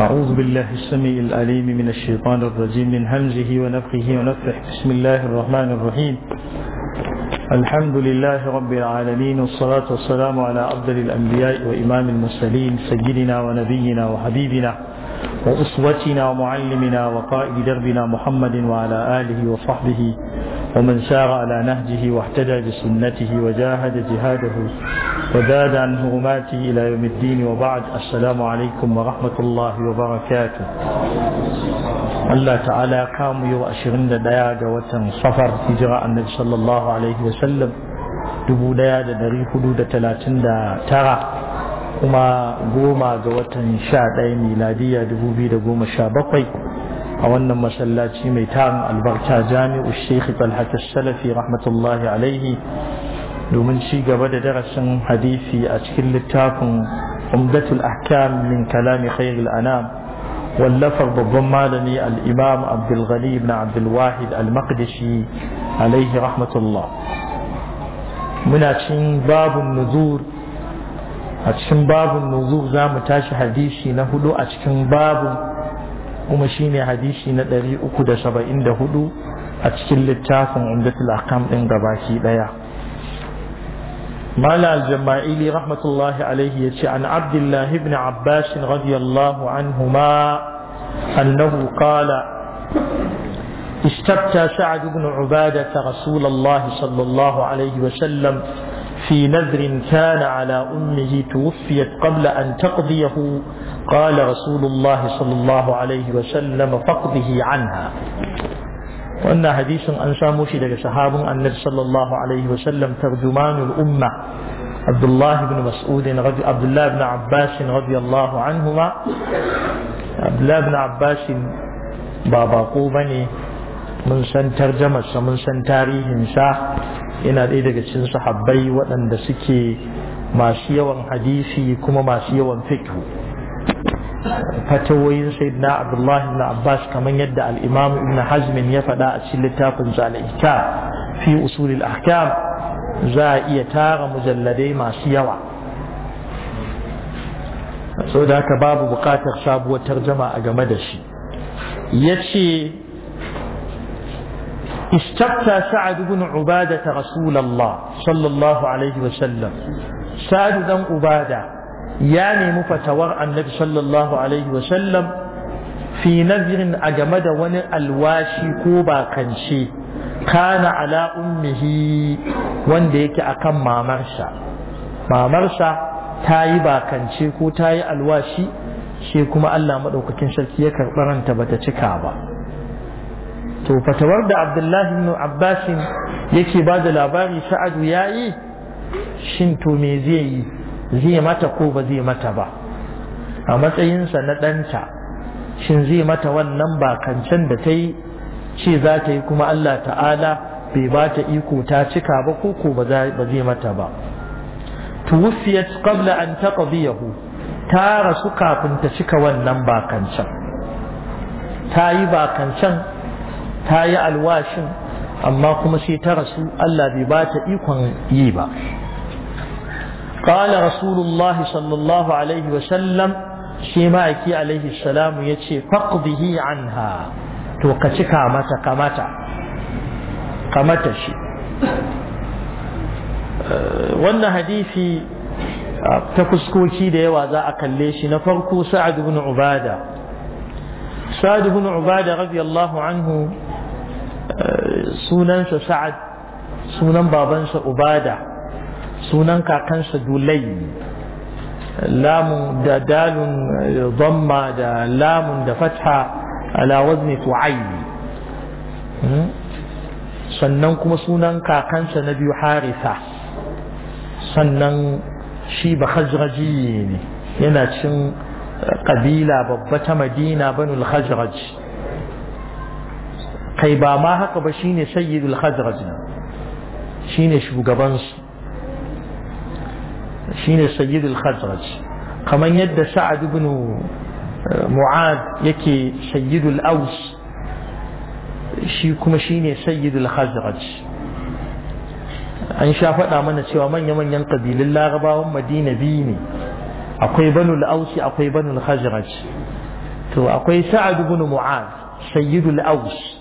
أعوذ بالله السميع العليم من الشيطان الرجيم من همزه ونفخه ونفخه بسم الله الرحمن الرحيم الحمد لله رب العالمين والصلاة والسلام على أفضل الأنبياء وإمام المرسلين سيدنا ونبينا وحبيبنا وأسوتنا ومعلمنا وقائد دربنا محمد وعلى آله وصحبه ومن سار على نهجه واهتدى بسنته وجاهد جهاده وزاد عن هرماته إلى يوم الدين وبعد السلام عليكم ورحمة الله وبركاته الله تعالى قام وأشرن دياغ وتنصفر هجراء النبي صلى الله عليه وسلم دبو دياغ دري حدود تلاتين دا ترى وما قوما قوة شاد ميلادية دبو بيد قوم شابقي أولنا مسلات ميتان البغتا جامع الشيخ طلحة السلفي رحمة الله عليه دومن شيغا بدا درس حديثي أشكل لتاكم عمدة الأحكام من كلام خير الأنام واللفظ بالضم الإمام عبد الغني بن عبد الواحد المقدسي عليه رحمة الله من أشين باب النذور أشين باب النذور زام تاش حديثي نهدو أشكن باب النذور kuma shine hadisi na 374 a cikin littafin umdatul ahkam din gabaki daya مالا الجمائيلي رحمة الله عليه يتي عن عبد الله بن عباس رضي الله عنهما أنه قال استبتى سعد بن عبادة رسول الله صلى الله عليه وسلم في نذر كان على أمه توفيت قبل أن تقضيه قال رسول الله صلى الله عليه وسلم فقضه عنها وأن حديث أن ساموشي لك صحاب أن صلى الله عليه وسلم ترجمان الأمة عبد الله بن مسعود رضي عبد الله بن عباس رضي الله عنهما عبد الله بن عباس بابا قوبني mun san tarjamarsa mun san tarihinsa yana ɗaya daga cikin sahabbai waɗanda suke masu yawan hadisi kuma masu yawan fiqh fatawoyin sayyidina abdullahi ibn abbas kamar yadda al-imam ibn hazm ya faɗa a cikin littafin zalika fi usul al-ahkam za a iya tara mujalladai masu yawa saboda haka babu buƙatar sabuwar tarjama a game da shi yace استفتى سعد بن عبادة رسول الله صلى الله عليه وسلم سعد بن عبادة يعني مفتور النبي صلى الله عليه وسلم في نذر أجمد ون الواشي كوبا كنشي كان على أمه ونديك أكم ما مرسى ما مرسى تايبا كنشي كو تاي الواشي shi kuma Allah maɗaukakin sarki ya karɓaranta bata cika ba to fatawar da abdullahi ibn abbasin yake ba da labari sha'adu ya yi shin to me zai yi zai mata ko ba zai mata ba a matsayinsa na ɗanta shin zai mata wannan bakancan da ta yi ce za ta yi kuma Allah ta'ala bai ba ta iko ta cika ba ko ko ba zai mata ba tuwufiyat qabla an taqdiyahu ta rasu kafin ta cika wannan bakancan ta yi bakancan ta yi alwashin amma kuma sai ta rasu Allah bai ba ta ikon yi ba. Ƙala Rasulullah sallallahu Alaihi wasallam shi ma'aiki Alaihi salamu ya ce, faqdihi anha to ka ci kamata kamata, kamata shi. Wannan hadifi ta fuskoki da yawa za a kalle shi na farko sa'ad ibn Ubada. sa'ad ibn Ubada radiyallahu anhu sunansa sa'ad sunan babansa ubada sunan kakansa dulai lamun da dalun zamma eh, da lamun da fatha ala wazni fu'ai hmm? sannan kuma sunan kakansa na biyu harisa sannan shi ba khazraji ne yana cin ƙabila eh, babba ta madina banul khazraji kai ba ma haka ba shine sayyidul khazraj shine shugaban su shine sayyidul khazraj kaman yadda sa'ad ibn uh, mu'ad yake sayyidul aus shi kuma shine sayyidul khazraj an sha faɗa mana cewa manya-manyan ƙabilun larabawan madina biyu ne akwai banu ausi akwai banu khazraj to akwai sa'ad ibn mu'ad sayyidul aus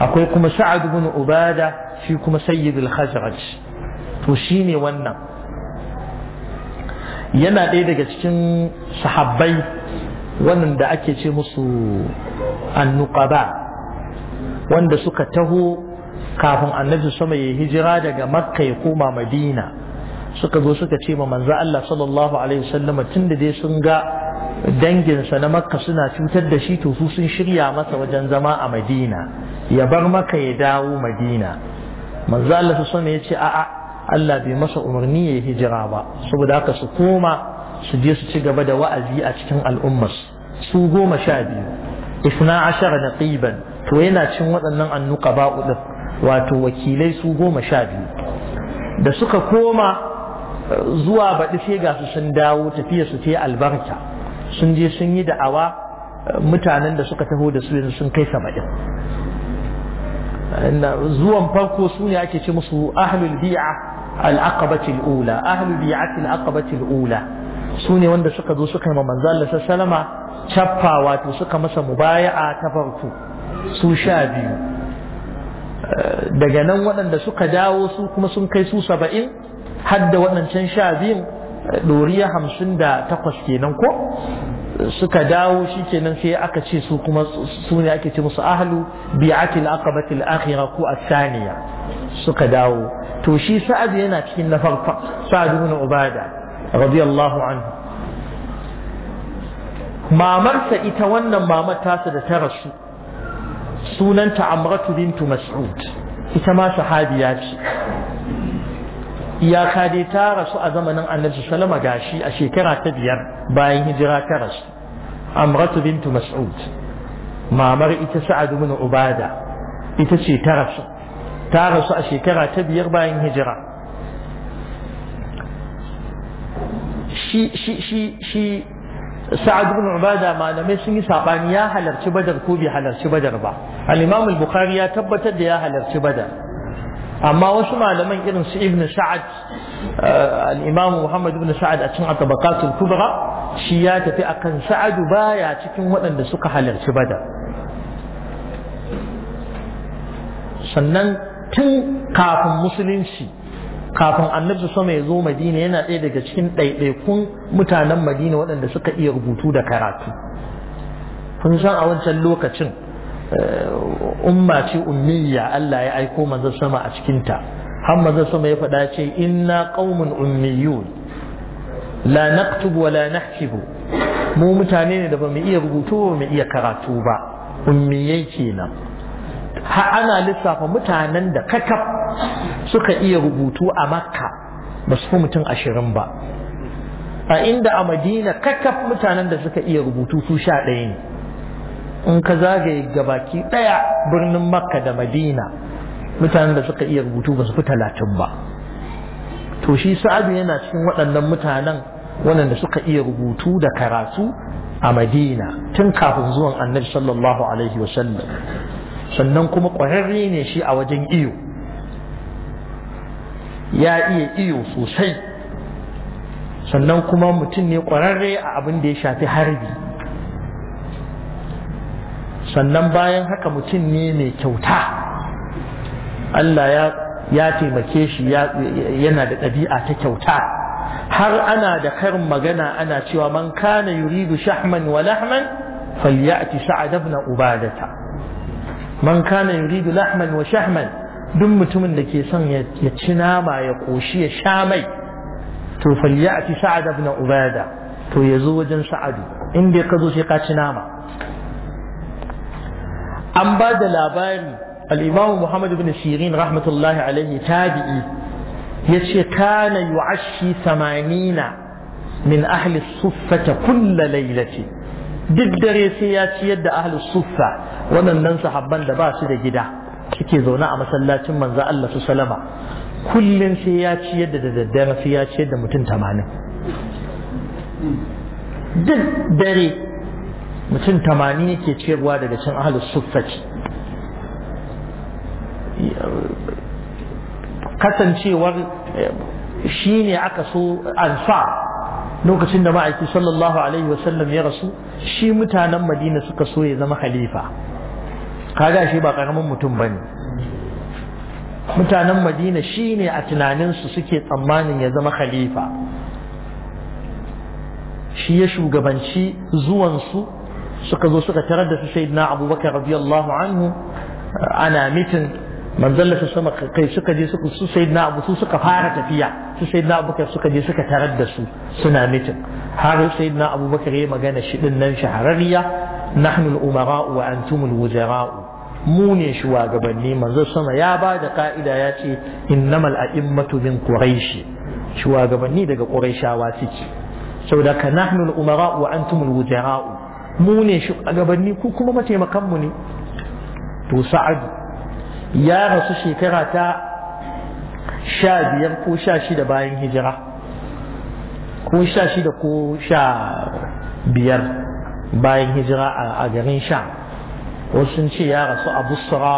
akwai kuma sa'ad ibn ubada shi kuma sayyidul khazraj to shine wannan yana ɗaya daga cikin sahabbai wannan da ake ce musu annuqaba wanda suka taho kafin annabi sama ya hijira daga makka ya koma madina suka zo suka ce ma manzo Allah sallallahu alaihi wasallam tunda dai sun ga danginsa na makka suna cutar da shi to su sun shirya masa wajen zama a madina ya bar maka ya dawo madina manzo Allah su sama yace a'a Allah bai masa umarni ya hijira ba saboda haka su koma su je su ci gaba da wa'azi a cikin al'ummar su goma sha biyu isna ashara naqiban to yana cin waɗannan ba din wato wakilai su goma sha biyu da suka koma eh, zuwa baɗi sai ga su sun dawo tafiya su ce albarka sun je sun yi da'awa mutanen da suka taho da su yanzu sun kai saba'in zuwan farko su ne ake ce musu ahlul bi'a al-aqabatil ula ahlul bi'atil aqabatil ula su ne wanda suka zo suka yi ma manzo Allah sallama chaffa wato suka masa mubaya'a ta farko su sha biyu daga nan waɗanda suka dawo su kuma sun kai su saba'in hadda waɗancan sha biyun ɗoriya hamsin da takwas kenan ko suka dawo shi kenan sai aka ce su kuma su ne ake ce musu ahlu bi'atil aqabatil akhira ko asaniya suka dawo to shi sa'ad yana cikin na farko sa'ad ibn ubada radiyallahu anhu mamarsa ita wannan mamar tasa da ta rasu sunanta amratu bintu mas'ud ita ma sahabiya ce Ya kadai ta rasu a zamanin annabi Salama gashi a shekara ta biyar bayan hijira ta rasu amratu bintu mas'ud mamar ita sa'ad ibn ubada ita ce ta rasu ta rasu a shekara ta biyar bayan hijira shi shi shi shi sa'ad ibn ubada malamai sun yi sabani ya halarci badar ko bai halarci badar ba al-imam al-bukhari ya tabbatar da ya halarci badar amma wasu malaman irin su ibn sa'ad eh, al-imam muhammad ibn sa'ad a cin atabaqatul kubra shi ya tafi akan sa'adu baya cikin waɗanda suka halarci da. sannan tun kafin musulunci kafin annabi sama ya zo madina yana ɗaya daga cikin ɗaiɗaikun mutanen madina waɗanda suka iya rubutu da karatu kun san a wancan lokacin umma ce ummiya Allah ya aiko manzon sama a cikin ta har manzon sama ya faɗa ce inna qaumun ummiyun la naktubu wa la nahsibu mu mutane ne da ba mu iya rubutu ba mu iya karatu ba ummiyai kenan har ana lissafa mutanen da kakaf suka iya rubutu a makka ba su fi mutum ashirin ba a inda a madina kakaf mutanen da suka iya rubutu su sha ɗaya ne in ka zagaye gabaki daya birnin makka da madina mutanen da suka iya rubutu ba su fi talatin ba to shi sa'adu yana cikin waɗannan mutanen waɗanda suka iya rubutu da karatu a madina tun kafin zuwan annabi sallallahu alaihi wasallam sannan kuma ƙwararre ne shi a wajen iyo ya iya iyo sosai sannan kuma mutum ne ƙwararre a abin da ya shafi harbi sannan bayan haka mutum ne mai kyauta Allah ya taimake shi yana da ɗabi'a ta kyauta har ana da karin magana ana cewa man kana yuridu shahman wa lahman falyati sa'ad ibn ubadata man kana yuridu lahman wa shahman duk mutumin da ke son ya ci nama ya koshi ya sha mai to falyati sa'ad ibn ubada to yazo wajen sa'adu in bai ka zo sai ka ci nama an ba da labari al'imamu muhammad bin sirin rahmatullahi alaihi tabi'i ya ce kana yu'ashi samanina min ahli suffata kulla lailace duk dare sai ya ciyar da ahli suffa waɗannan sahabban da ba su da gida suke zaune a masallacin manzo Allah su salama kullum sai ya ciyar da daddare sai ya ciyar da mutum tamanin duk dare mutum tamanin yake cewa daga cin ahalus suffati kasancewar eh, shi ne aka so ansa lokacin da ma'aiki sallallahu alaihi wasallam ya rasu shi mutanen madina suka so ya zama halifa kaga shi ba karamin mutum bane mutanen madina shi ne a tunaninsu suke tsammanin ya zama khalifa shi ya shugabanci zuwansu suka zo suka tarar da su sayyidina abubakar radiyallahu anhu ana mitin manzon su sama kai suka je suka su sayyidina abu su suka fara tafiya su sayyidina abubakar suka je suka tarar da su suna mitin har sai na abubakar ya magana shi din nan shahararriya nahnu al-umara wa antum al-wuzara mu ne shugabanni manzon sama ya ba da ka'ida ya ce innamal a'immatu min quraishi shugabanni daga quraishawa suke saboda ka nahnu al-umara wa antum al-wuzara mu ne shugabanni ku kuma mataimakanmu ne to sa'adu ya rasu shekara ta sha biyar ko sha shida bayan hijira ko sha shida ko sha biyar bayan hijira a garin sha wasu sun ce ya rasu a busra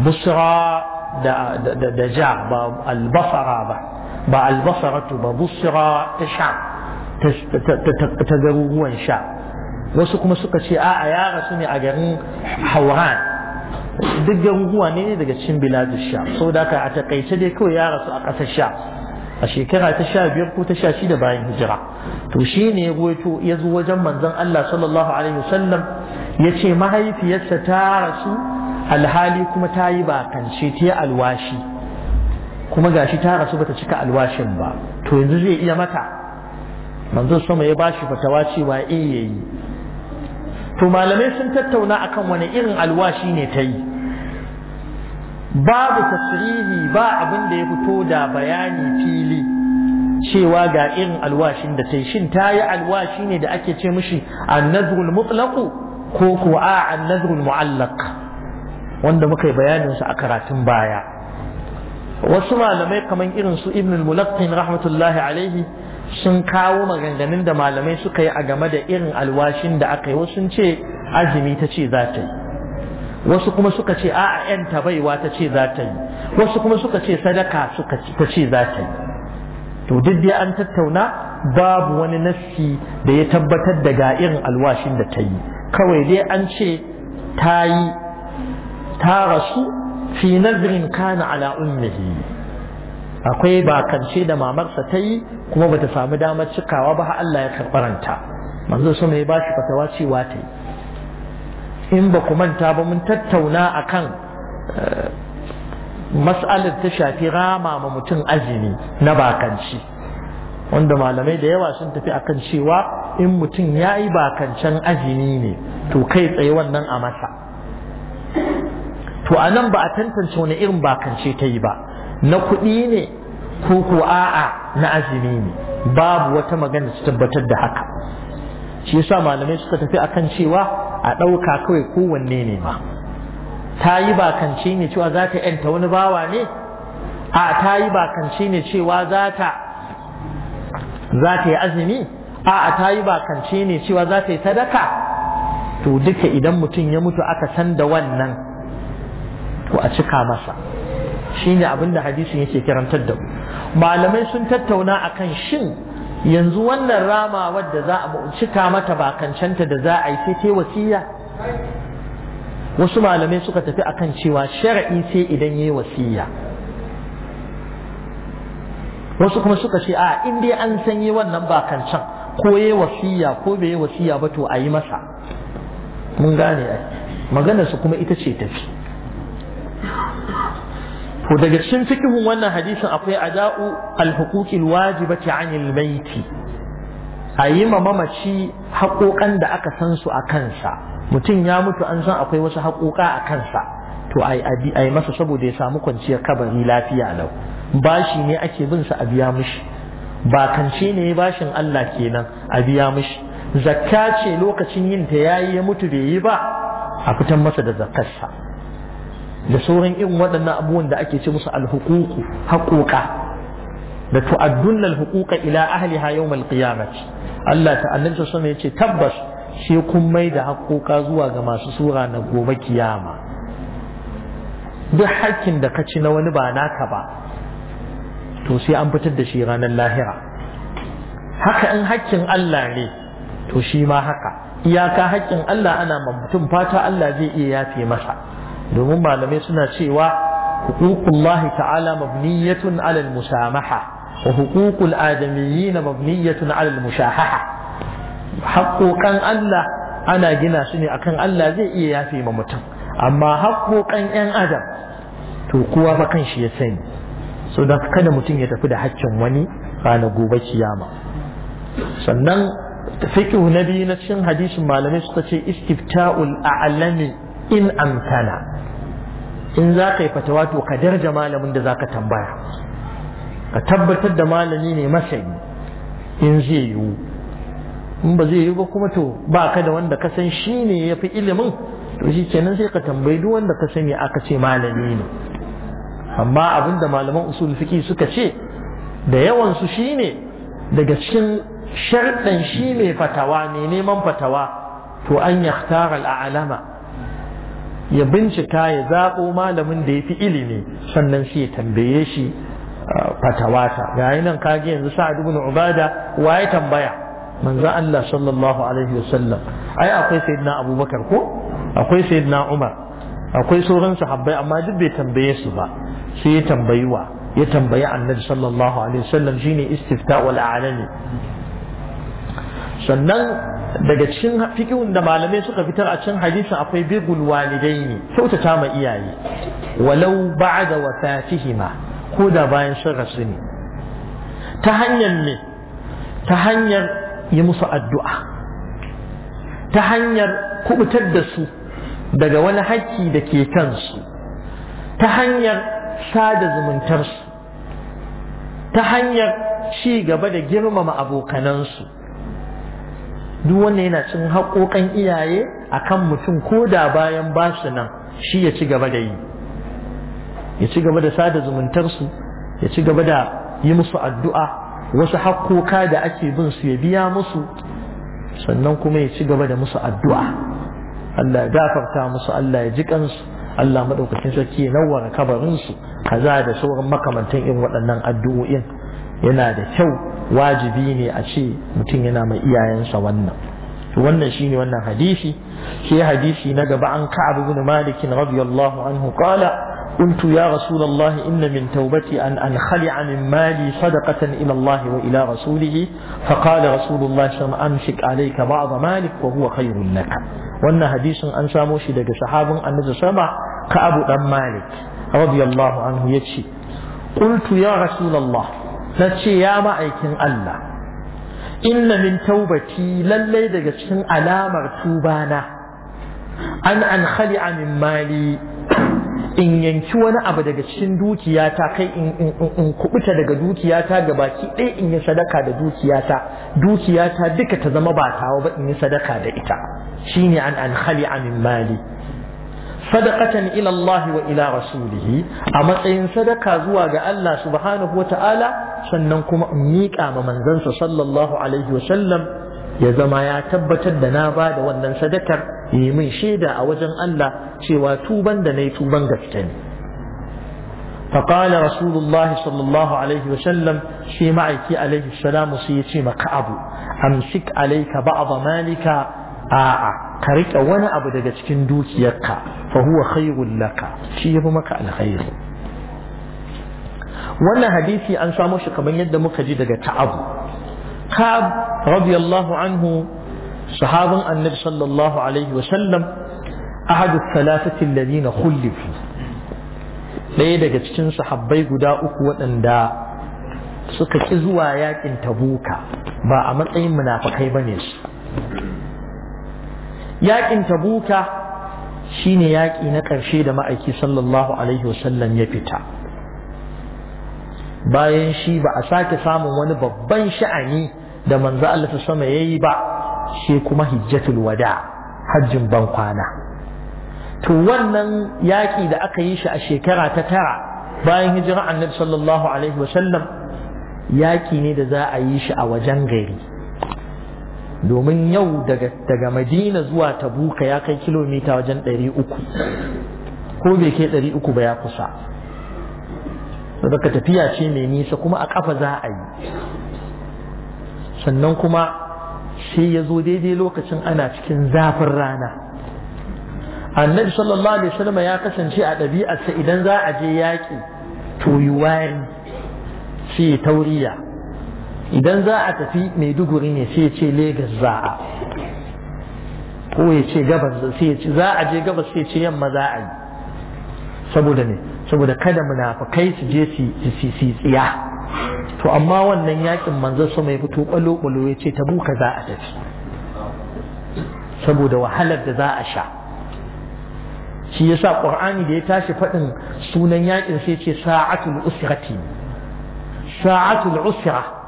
busra da ja ba albasara ba ba albasaratu ba busra ta sha ta garuruwan sha wasu kuma suka ce a'a ya rasu ne a garin hauran duk garuruwa ne daga cikin biladu sha sau da a takaice dai kawai ya rasu a ƙasar sha a shekara ta sha biyar ko ta sha shida bayan hijira to shi ne ya goyo ya zo wajen manzon Allah sallallahu alaihi wasallam ya ce mahaifiyarsa ta rasu alhali kuma ta yi bakance ta yi alwashi kuma gashi ta rasu bata cika alwashin ba to yanzu zai iya mata manzon sama ya bashi fatawa cewa eh yayi to malamai sun tattauna akan wani irin alwashi ne ta yi babu tasirihi ba abin da ya fito da bayani fili cewa ga irin alwashin da ta yi shin ta yi alwashi ne da ake ce mishi annazrul mutlaqu ko kuwa a annazrul mu'allaq wanda muka yi bayaninsa a karatun baya wasu malamai kamar irin su ibn mulaqqin rahmatullahi alaihi sun kawo maganganun da malamai suka yi a game da irin alwashin da aka yi wasu sun ce azumi ta ce za ta yi wasu kuma suka ce a'a yan tabaiwa ta ce za ta yi wasu kuma suka ce sadaka ta ce za ta yi to duk dai an tattauna babu wani nassi da ya tabbatar da ga irin alwashin da ta yi kawai dai an ce ta yi ta rasu fi nazirin kana ala akwai bakance da mamarsa ta yi kuma bata samu damar cikawa ba har Allah ya karbaranta manzo mai ya bashi fatawa cewa ta yi in ba ku manta ba mun tattauna akan eh, mas'alar ta shafi rama ma mutum azumi na bakanci wanda malamai da yawa sun tafi akan cewa in mutum ya yi bakancen azumi ne to kai tsaye wannan a masa to a nan ba a tantance wani irin bakance ta yi ba na kuɗi ne ko ko a'a na azumi ne babu wata magana su tabbatar da haka shi yasa malamai suka tafi akan cewa a ɗauka kawai kowanne ne ma ta yi bakance ne cewa za ta yanta wani bawa ne a ta yi bakance ne cewa za ta za ta yi azumi a ta yi bakance ne cewa za ta yi sadaka to duka idan mutum ya mutu aka san da wannan to a cika masa shine abin da hadisin yake kirantar da malamai sun tattauna akan shin yanzu wannan rama wadda za a cika mata bakancanta da za a yi sai ta wasiya wasu malamai suka tafi akan cewa shara'i sai idan yayi wasiya wasu kuma suka ce a in dai an san yi wannan bakancan ko yi wasiya ko bai yi wasiya ba to a yi masa mun gane ai maganar su kuma ita ce tafi to daga cikin fikihun wannan hadisin akwai ada'u al wajibati 'anil maiti a yi ma mamaci haƙoƙan da aka san su a kansa mutum ya mutu an san akwai wasu haƙoƙa a kansa to a yi masa saboda ya samu kwanciyar kabari lafiya lau bashi ne ake bin sa a biya ba kance ne bashin Allah kenan a biya mishi zakka ce lokacin yin ta yayi ya mutu bai yi ba a fitan masa da zakkarsa da sauran irin waɗannan abubuwan da ake ce musu alhuququ haƙoƙa da tu'addunna alhuquqa ila ahliha yawm alqiyamah Allah ta annabi sallallahu yace tabbas sai kun mai da haƙoƙa zuwa ga masu sura na gobe kiyama duk hakkin da ka ci na wani ba naka ba to sai an fitar da shi ranar lahira haka in hakkin Allah ne to shi ma haka iyaka hakkin Allah ana mutum fata Allah zai iya yafe masa domin malamai suna cewa hukukun Allah ta'ala mabniyatun alal musamaha wa hukukul adamiyyi na mabniyatun alal mushahaha haƙoƙan Allah ana gina su ne akan Allah zai iya yafe ma mutum amma haƙoƙan 'yan adam to kowa fa kan ya sani so da kada mutum ya tafi da haƙƙin wani rana gobe kiyama sannan fiqhu na biyu na cikin hadisin malamai suka ce istifta'ul a'lami in amkana in za ka yi fatawa to ka darja malamin da za ka tambaya ka tabbatar da malami ne masani in zai yiwu in ba zai yiwu ba kuma to ba ka da wanda ka san shi ne ya fi ilimin to shi kenan sai ka tambayi duk wanda ka sani aka ce malami ne amma abin da malaman usul suka ce da yawansu shi ne daga cikin sharɗan shi ne fatawa ne neman fatawa to an yahtara al'alama ya bincika ya zaɓo malamin da ya fi ilimi sannan sai ya tambaye shi fatawata ga nan kage yanzu sa'ad ibn ubada wa ya tambaya manzo Allah sallallahu alaihi wasallam ai akwai sayyidina abubakar ko akwai sayyidina umar akwai sauran sahabbai amma duk bai tambaye su ba sai ya tambayi wa ya tambayi annabi sallallahu alaihi wasallam shine istifta wal alami sannan daga cikin fikihun da malamai suka fitar a cikin hadisin akwai birrul walidaini kyautata ma iyaye walau ba'da wafatihima ko da bayan sun rasu ne ta hanyar ne ta hanyar yi musu addu'a ta hanyar kubutar da su daga wani haƙƙi da ke kansu ta hanyar sada zumuntarsu ta hanyar ci gaba da girmama abokanansu duk wanda yana cin haƙoƙan iyaye a kan mutum ko da bayan ba su nan shi ya ci gaba da yi ya ci gaba da sada zumuntarsu ya ci gaba da yi musu addu'a wasu haƙoƙa da ake bin su ya biya musu sannan kuma ya ci gaba da musu addu'a Allah ya gafarta musu Allah ya ji kansu Allah maɗaukacin sarki ya nawara kabarinsu kaza da sauran makamantan irin waɗannan addu'o'in yana da kyau wajibi ne a ce mutum yana mai iyayensa wannan wannan shine wannan hadisi shi hadisi na gaba an ka'ab ibn malik radiyallahu anhu qala قلت يا رسول الله إن من توبتي أن أنخلع من مالي صدقة إلى الله وإلى رسوله فقال رسول الله صلى الله عليه وسلم أمسك عليك بعض مالك وهو خير لك وأن حديث أن ساموش دق صحاب أن سمع كأبو أم مالك رضي الله عنه يتشي قلت يا رسول الله na ce ya ma'aikin Allah inna min taubati lallai daga cikin alamar tubana an an khali'a min mali in yanki wani abu daga cikin dukiyata kai in kubuta daga dukiyata ga baki ɗaya in yi sadaka da dukiyata dukiyata duka ta zama ba tawo ba in yi sadaka da ita shine an an khali'a min mali sadaqatan ila Allah wa ila rasulih a matsayin sadaka zuwa ga Allah subhanahu wa ta'ala sannan kuma in miƙa ma manzansa sallallahu alaihi wa sallam ya zama ya tabbatar da na ba da wannan sadakar yi min shaida a wajen Allah cewa tuban da na yi tuban gaske ne فقال رسول الله صلى الله عليه وسلم في معك عليه السلام سيتي مكعب أمسك عليك بعض مالك آآ ka riƙe wani abu daga cikin dukiyarka fa huwa khairul laka shi yafi maka alkhairi wannan hadisi an samo shi kamar yadda muka ji daga ta'abu ka'ab radiyallahu anhu sahabin annabi sallallahu alaihi wa sallam ahadu thalathati alladhina khulifu ɗaya daga cikin sahabbai guda uku waɗanda suka ƙi zuwa yakin tabuka ba a matsayin munafakai bane su yaƙin tabuka shine yaƙi na ƙarshe da ma'aiki sallallahu alaihi wasallam ya fita bayan shi ba a sake samun wani babban sha'ani da manzo Allah ta sama yayi ba Sai kuma hijjatul wada hajjin ban kwana to wannan yaƙi da aka yi shi a shekara ta tara bayan hijira annabi sallallahu alaihi wasallam yaƙi ne da za a yi shi a wajen gari domin yau daga madina zuwa tabuka ya kai kilomita wajen 300 ko bai kai 300 ba ya kusa daga tafiya ce mai nisa kuma a kafa za a yi sannan kuma sai ya zo daidai lokacin ana cikin zafin rana annabi sallallahu alaihi wasallam ya kasance a ɗabi'arsa idan za a je yaƙi to yi sai tauriya idan za a tafi maiduguri ne sai ce Legas za a ko ya ce gabas sai ya ce za a je gabas sai ce yamma za a yi saboda ne saboda kada munafukai su je su tsiya to amma wannan yakin manzo su mai fito ɓalo-ɓalo ya ce ta buka za a tafi saboda wahalar da za a sha shi yasa qur'ani da ya tashi faɗin sunan yakin sai ce sa'atul usrati sa'atul usra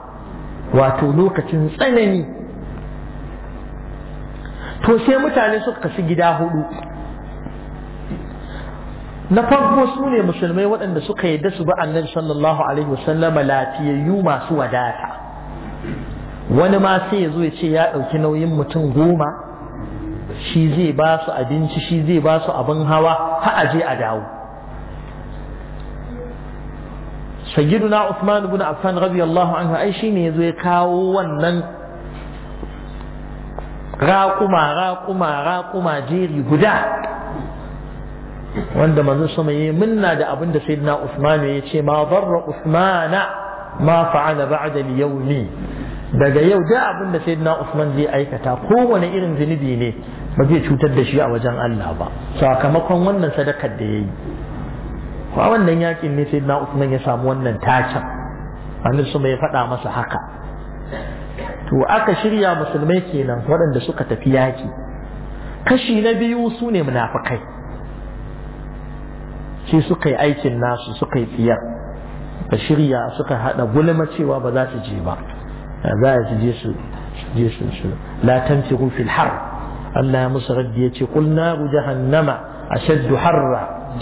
wato lokacin tsanani to sai mutane suka kasu gida hudu na farko su ne musulmai waɗanda suka yi su ba annabi sallallahu alaihi wasallama lafiyayyu masu wadata wani ma sai ya zo ya ce ya ɗauki nauyin mutum goma shi zai ba su abinci shi zai ba su abin hawa har aje a dawo sayyiduna Usman ibn Affan radiyallahu anhu ai shine yazo ya kawo wannan raƙuma raƙuma raƙuma jeri guda wanda manzon sama yayi minna da abin da sayyidina Usman ya ce ma darra Usmana ma fa'ala ba'da al-yawmi daga yau da abin da sayyidina Usman zai aikata kowane irin zunubi ne ba zai cutar da shi a wajen Allah ba sakamakon wannan sadakar da yayi a wannan yakin ne sai na Usman ya samu wannan tacin annabi sama ya faɗa masa haka to aka shirya musulmai kenan waɗanda suka tafi yaki kashi na biyu su ne munafikai sai suka yi aikin nasu suka yi tsiyar suka shirya suka haɗa gulma cewa ba za su je ba za a je su je su su la tanfiru fil har Allah ya musu raddi ya ce qul naru jahannama ashaddu harra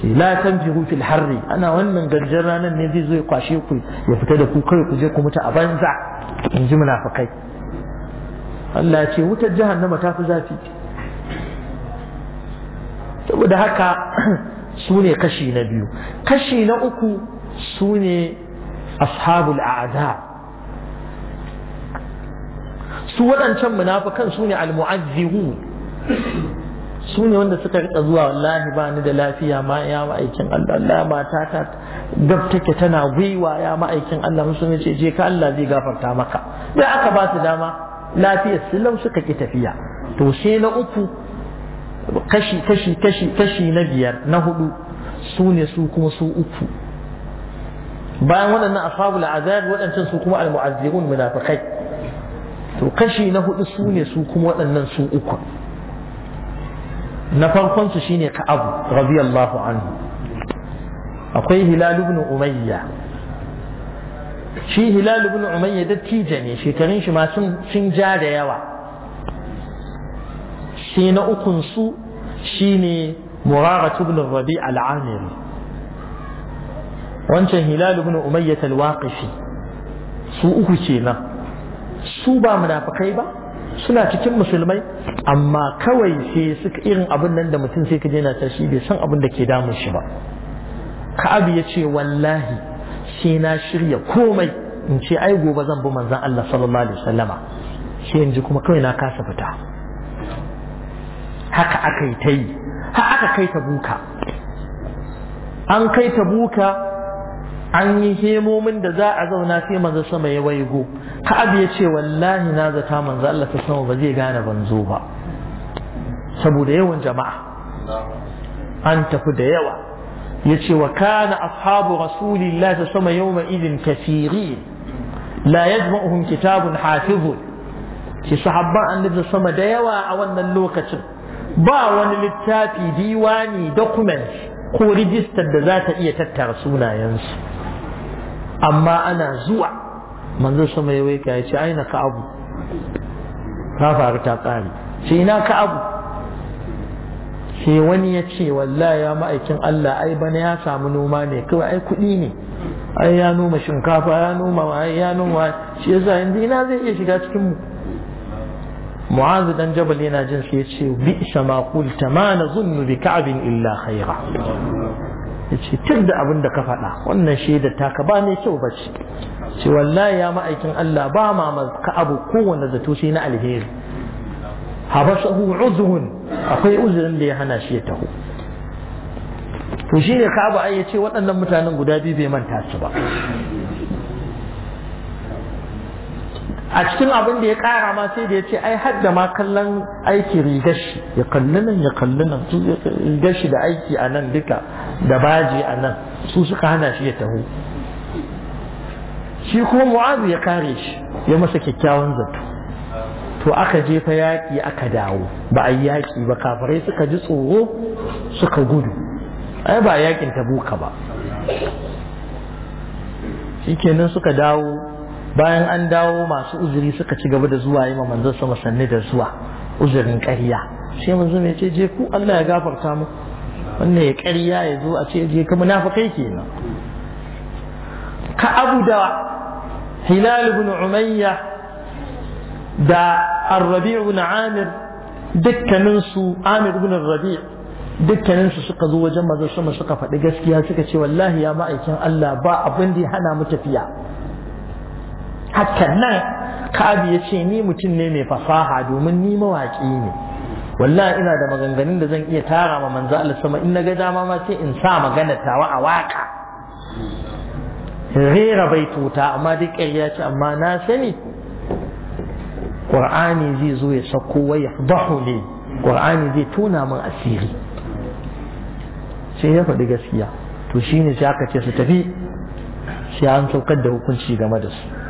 ce la tanfiru fil harri ana wannan garjar ranar ne zai zo ya kwashe ku ya fita da ku kai ku je ku mutu a banza in ji munafikai Allah ce wutar jahannama ta fi zafi saboda haka su ne kashi na biyu kashi na uku su ne ashabul a'za su waɗancan munafikan su ne al-mu'azzirun su ne wanda suka rika zuwa wallahi ba ni da lafiya ma ya ma'aikin Allah Allah ma ta gab take tana gwiwa ya ma'aikin Allah musu ce je ka Allah zai gafarta maka da aka ba su dama lafiyar su lau suka ki tafiya to she na uku kashi kashi kashi kashi na biyar na hudu su ne su kuma su uku bayan waɗannan ashabul azab waɗancan su kuma almu'azzirun munafiqai to kashi na hudu su ne su kuma waɗannan su uku na farkon su shine Ka'ab radiyallahu anhu akwai Hilal ibn Umayya shi Hilal ibn Umayya dattijo ne shekarun shi ma sun sun ja da yawa Sai na ukun su shine Murara ibn Rabi' al-Amiri wancan Hilal ibn Umayya al-Waqifi su uku kenan su ba munafikai ba suna cikin musulmai amma kawai sai suka irin abin nan da mutum sai ka je na tashi bai san abin da ke damun shi ba ka'ab ya ce wallahi sai na shirya komai in ce ai gobe zan bi manzon Allah sallallahu alaihi wasallama sai in kuma kawai na kasa fita haka aka yi ta yi har aka kai ta buka an kai ta buka an yi hemomin da za a zauna sai manzo sama ya waigo ka'ab ya ce wallahi na zata manzo Allah ta sama ba zai gane banzo ba saboda yawan jama'a an tafi da yawa ya ce wa kana ashabu rasulillah ta sama ma idin kafirin la yajma'uhum kitabun hafizun ki sahabban annabi sama da yawa a wannan lokacin ba wani littafi diwani document ko rijistar da za ta iya tattara sunayensu amma ana zuwa manzo sama ya waika ya ce aina abu. ta faru ta ƙare ce ina abu. Ke wani ya ce wallahi ya ma'aikin Allah ai bana ya samu noma ne kawai ai kuɗi ne ai ya noma shinkafa ya noma ai ya noma shi yasa yanzu ina zai iya shiga cikin mu mu'az dan jabal yana jin sai ya ce bi sama qulta ma nazunnu bi ka'bin illa khaira ya da abin da ka faɗa wannan shaida ka ba mai kyau bace ce wallahi ya ma'aikin Allah ba ma ka abu kowane zato sai na alheri habashahu uzrun akwai uzrin da ya hana shi ya taho to shine ka abu ai yace waɗannan mutanen guda biyu bai manta su ba a cikin abin da ya kara ma sai da ya ce ai hadda ma kallon aiki rigar shi ya kalli nan ya kalli nan su eh, eh, rigar shi da aiki a nan duka da baji a nan su suka hana shi ya taho shi kuma mu'azu ya kare shi ya masa kyakkyawan zato to aka jefa yaƙi aka dawo ba a yi yaƙi ba kafirai suka ji tsoro suka gudu ai ba yaƙin ta tabuka ba shikenan suka dawo bayan an dawo masu uzuri suka ci gaba da zuwa yi ma manzon sama sanne da zuwa uzurin ƙarya sai manzo mai ce je ku Allah ya gafarta mu wannan ya ƙarya ya zo a ce je ka munafikai kenan ka abu da hilal ibn umayya da ar-rabi' ibn amir dukkanin su amir ibn rabi' dukkanin su suka zo wajen manzon sama suka faɗi gaskiya suka ce wallahi ya ma'aikin Allah ba abin da ya hana mu tafiya hakan nan ka'abi ya ce ni mutum ne mai fasaha domin ni mawaƙi ne wallahi ina da maganganun da zan iya tara ma manzo Allah sama in naga dama ma sai in sa magana tawa a waka rera bai tuta amma duk ƙarya ce amma na sani Qur'ani zai zo ya sako wa yafdahu li Qur'ani zai tona min asiri sai ya faɗi gaskiya to shine sai aka ce su tafi sai an saukar da hukunci game da su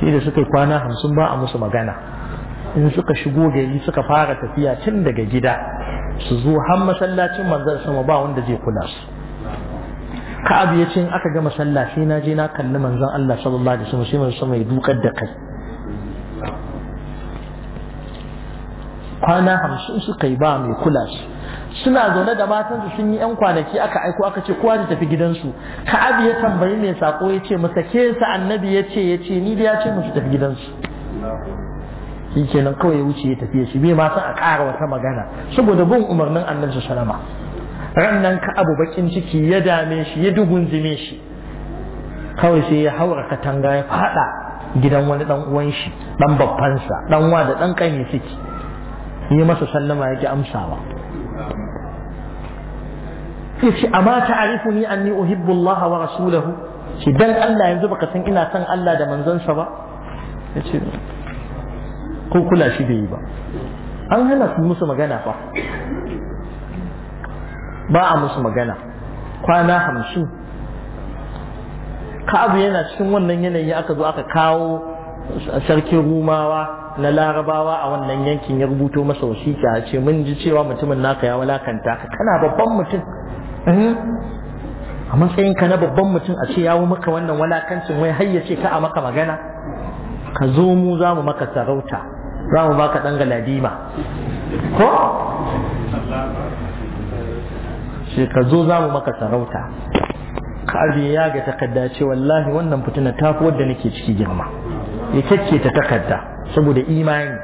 sai da suka kwana hamsin ba a musu magana in suka shigo gari suka fara tafiya tun daga gida su zo har masallacin manzan sama ba wanda zai kula su abu ya ce in aka ga sallah na je na kalli manzan Allah sallallahu alaihi wasallam sai sama ya dukar da kai kwana hamsin suka yi ba mai kula su suna zaune da matan su sun yi yan kwanaki aka aiko aka ce kowa da tafi gidansu ka'ab ya tambayi mai sako ya ce masa ke sa annabi ya ce ya ce ni da ya ce musu tafi gidansu shi kenan kawai ya wuce ya tafi shi bai ma san a ƙara wata magana saboda bin umarnin annabi sallama ran nan ka abu bakin ciki ya dame shi ya dugunzume shi kawai sai ya haura katanga ya fada gidan wani dan uwan shi dan sa dan wa da dan kanye suke yi masa sallama yake amsawa arifu amma an ni uhibbu Allah wa rasulahu shi dan Allah yanzu baka san ina san Allah da manzansa ba yace ko kula shi bai yi ba an hana su musu magana fa ba a musu magana kwana hamsin ka'abu yana cikin wannan yanayi aka zo aka kawo sarki rumawa na larabawa a wannan yankin ya rubuto masa wasiƙa ya ce mun ji cewa mutumin naka ya walakanta ka kana babban mutum eh? a matsayin ka na babban mutum a ce ya wu maka wannan walakancin wai har ya ce ka a maka magana ka zo mu za mu maka sarauta za mu baka ɗan galadima ko ce ka zo za mu maka sarauta ka ya ga takarda ce wallahi wannan fitina ta fi wadda nake ciki girma ya ta takarda saboda imani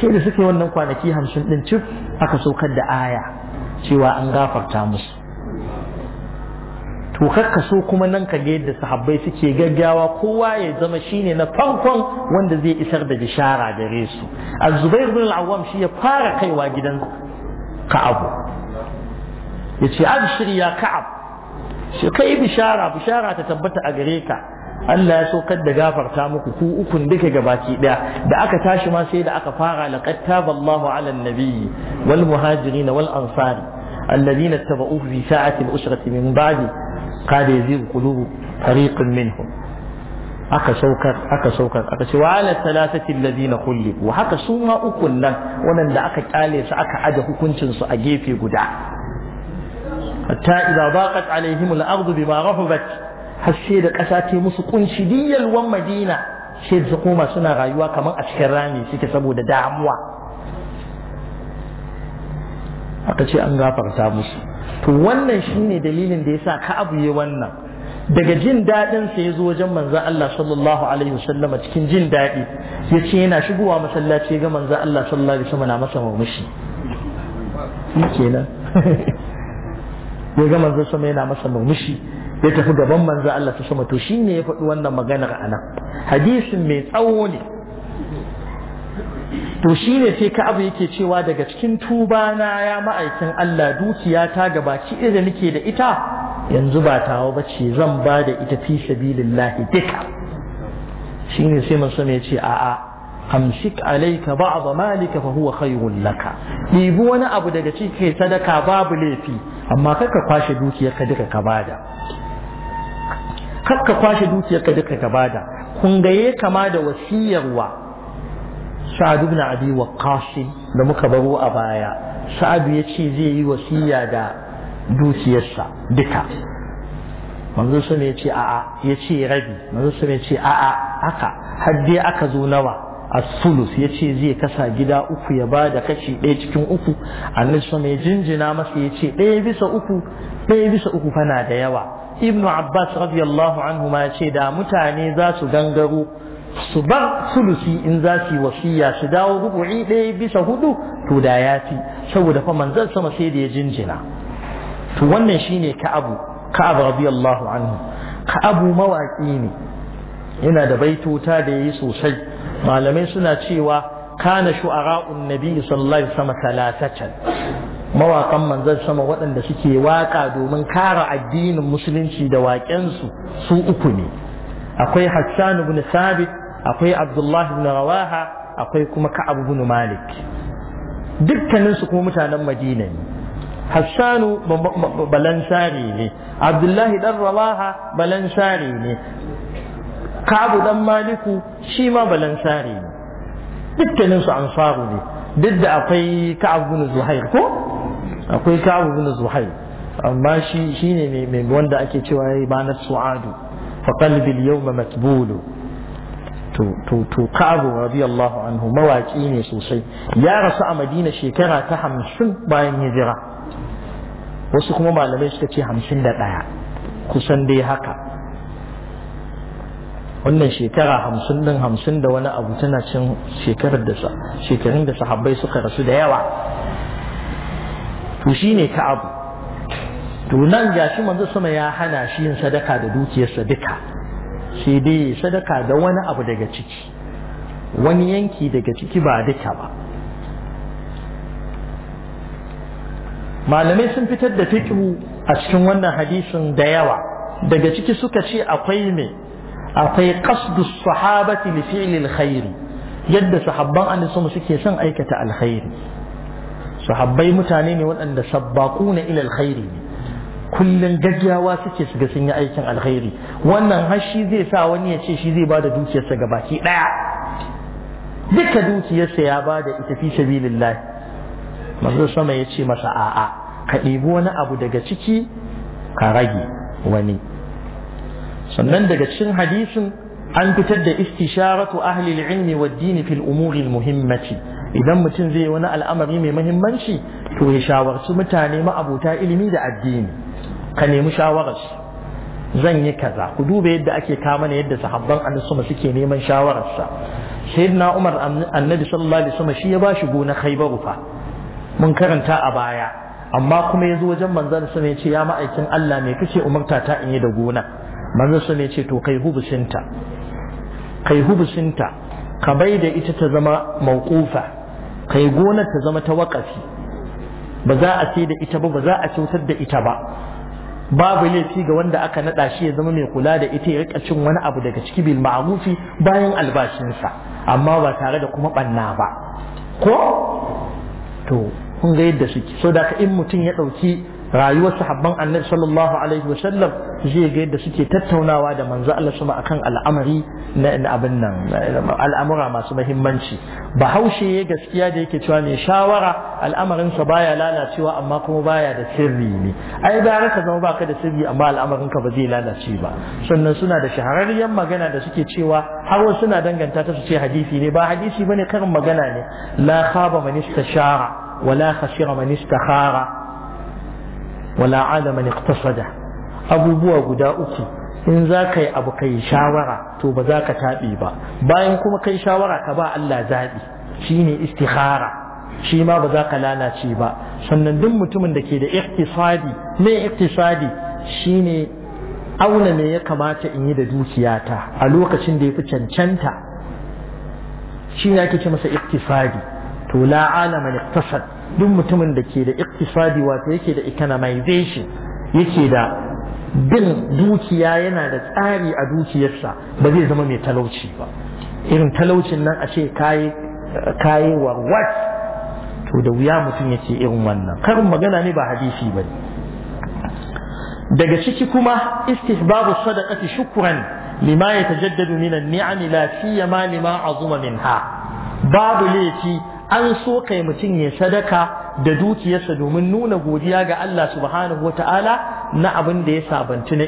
shi da suke wannan kwanaki hamsin din cif aka saukar da aya cewa an gafarta musu to kakka so kuma nan ka ga yadda sahabbai suke gaggawa kowa ya zama shine na farkon wanda zai isar da bishara gare su az-zubair bin al-awwam shi ya fara kaiwa gidan ka'ab yace abshir ya ka'ab shi kai bishara bishara ta tabbata a gare ka Allah ya saukar da gafarta muku ku ukun duka gabaki daya da aka tashi ma sai da aka fara laqad taballahu ala an-nabi wal muhajirin wal ansar alladhina tabauhu fi sa'ati al-ushrati min ba'di qad yazigu qulubu fariqin minhum aka saukar aka saukar aka ce wa ala thalathati alladhina khulifu haka su ma ukun nan da aka kyale su aka aje hukuncin su a gefe guda hatta idza daqat alaihim al-ardu bima rahabat har sai da ƙasa ta musu kunci diyalwan madina sai su koma suna rayuwa kamar a cikin rami suke saboda damuwa aka ce an gafarta musu to wannan shine dalilin da yasa ka abu wannan daga jin daɗin sa ya zo wajen manzo Allah sallallahu alaihi wasallama cikin jin daɗi ya ce yana shigowa masallaci ga manzo Allah sallallahu alaihi wasallama na masa murmushi kenan ya ga manzo wasallam yana masa murmushi ya tafi gaban manzo Allah ta sama to shine ya faɗi wannan maganar anan hadisin mai tsawo ne to shine sai ka abu yake cewa daga cikin tuba na ya ma'aikin Allah dukiya ta gabaci da nake da ita yanzu ba tawa bace zan ba da ita fi sabilillahi duka shine sai manzo ya ce a'a amshik alaika ba'd malika fa huwa khayrun laka dibi wani abu daga cikin sadaka babu laifi amma kaka kwashe ka duka ka bada kakka kwashe ka duka ka bada kun ga ya kama da wasiyarwa sa'ad ibn abi qasim da muka baro a baya Sa'adu ya ce zai yi wasiya da dukiyarsa duka manzo su ne ce a'a ya ce rabi manzo su ne ce a'a haka har dai aka zo nawa as-sulus ya ce zai kasa gida uku ya ba da kashi ɗaya cikin uku annabi su mai jinjina masa ya ce ɗaya bisa uku ɗaya bisa uku fana da yawa ibnu abbas radiyallahu anhu ma ce da mutane za su gangaro su bar sulusi in za su yi wasiya su dawo rubu'i ɗaya bisa hudu to da ya fi saboda fa manzon sama sai da ya jinjina to wannan shine ka'abu ka'ab radiyallahu anhu ka'abu mawaki ne yana da baitota da yayi sosai malamai suna cewa kana shu'ara'un nabi sallallahu alaihi wasallam mawaƙan manzan sama waɗanda suke waƙa domin kara addinin musulunci da waƙensu su uku ne akwai hassan ibn sabit akwai abdullah ibn rawaha akwai kuma ka'ab ibn malik dukkanin su kuma mutanen madina ne hassanu balansari ne abdullahi dan rawaha balansari ne ka'ab dan maliku shi ma balansari ne dukkanin su ansaru ne duk da akwai ka'ab ibn zuhair ko akwai ka'ab ibn zuhair amma shi shine mai wanda ake cewa yayi banar su'adu fa qalbi al-yawma matbulu to to to ka'ab radiyallahu anhu mawaki ne sosai ya rasu a madina shekara ta hamsin bayan hijira wasu kuma malamai suka ce hamsin da ɗaya kusan dai haka wannan shekara hamsin din hamsin da wani abu tana cin shekarar da shekarun da sahabbai suka rasu da yawa to ta abu. to nan gashi manzo sama ya hana shi yin sadaka da dukiyarsa duka sai dai sadaka da wani abu daga ciki wani yanki daga ciki ba duka ba malamai sun fitar da fiqhu a cikin wannan hadisin da yawa daga ciki suka ce akwai me akwai qasdu sahabati li fi'li alkhair yadda sahabban annabi suke son aikata alkhairi sahabbai mutane ne waɗanda ilal khairi ne kullum gaggawa suke su ga sun yi aikin alkhairi wannan har shi zai sa wani ya ce shi zai ba da dukiyarsa ga baki ɗaya duka dukiyarsa ya ba da ita fi sabilillah manzo sama ya ce masa a'a ka ɗibi wani abu daga ciki ka rage wani sannan daga cikin hadisin an fitar da istisharatu ahli ilmi wa dini fil umuri muhimmati idan mutum zai wani al'amari mai muhimmanci to ya shawarci mutane ma'abuta ilimi da addini ka nemi shawarar zan yi kaza ku duba yadda ake kama ne yadda sahabban annabi suke neman shawararsa sayyidina umar annabi sallallahu alaihi wasallam shi ya bashi gona khaybaru fa mun karanta a baya amma kuma ya zo wajen manzon ne ya ce ya ma'aikin Allah me kace umarta ta in yi da gona manzo sun ne ce to kai hubusinta kai hubusinta ka bai da ita ta zama mauqufa kai gonar ta zama ta wakafi, ba za a sai da ita ba ba za a kyautar da ita ba babu laifi ga wanda aka naɗa shi ya zama mai kula da ita ya rika cin wani abu daga ciki bil ma'rufi bayan albashinsa amma ba tare da kuma banna ba ko to kun ga yadda suke so da in mutum ya ɗauki rayuwar sahabban annabi sallallahu alaihi wa sallam zai ga yadda suke tattaunawa da manzo Allah sama akan al'amari na abin nan al'amura masu muhimmanci bahaushe ya gaskiya da yake cewa ne shawara al'amarin sa baya lalacewa amma kuma baya da sirri ne ai ba ka zama baka da sirri amma al'amarin ka ba zai lalace ba sannan suna da shahararriyar magana da suke cewa har wasu suna danganta ta su ce hadisi ne ba hadisi bane karin magana ne la khaba man istashara wala khashira man istakhara wala ala iqtasada abubuwa guda uku in za ka yi abu yi shawara to ba za ka taɓe ba bayan kuma kai shawara ka ba Allah zaɓi shine istikhara shi ma ba za ka lalace ba sannan duk mutumin da ke da iktisadi ne shi ne auna me ya kamata in yi da dukiyata a lokacin da ya fi cancanta shi ne ake ce masa iktisadi to la alama iqtasad duk mutumin da ke da iktisadi wato yake da economization yake da bin dukiya yana da tsari a dukiyarsa ba zai zama mai talauci ba irin talaucin nan a ce kayi what? to da wuya mutum yake irin wannan karin magana ne ba hadisi ba daga ciki kuma istihbabu sadaqati shukran lima yatajaddadu min an-ni'am la ma lima azuma minha babu laifi an so kai mutum ya sadaka da dukiyarsa domin nuna godiya ga Allah subhanahu wata'ala na abin da ya sabanci na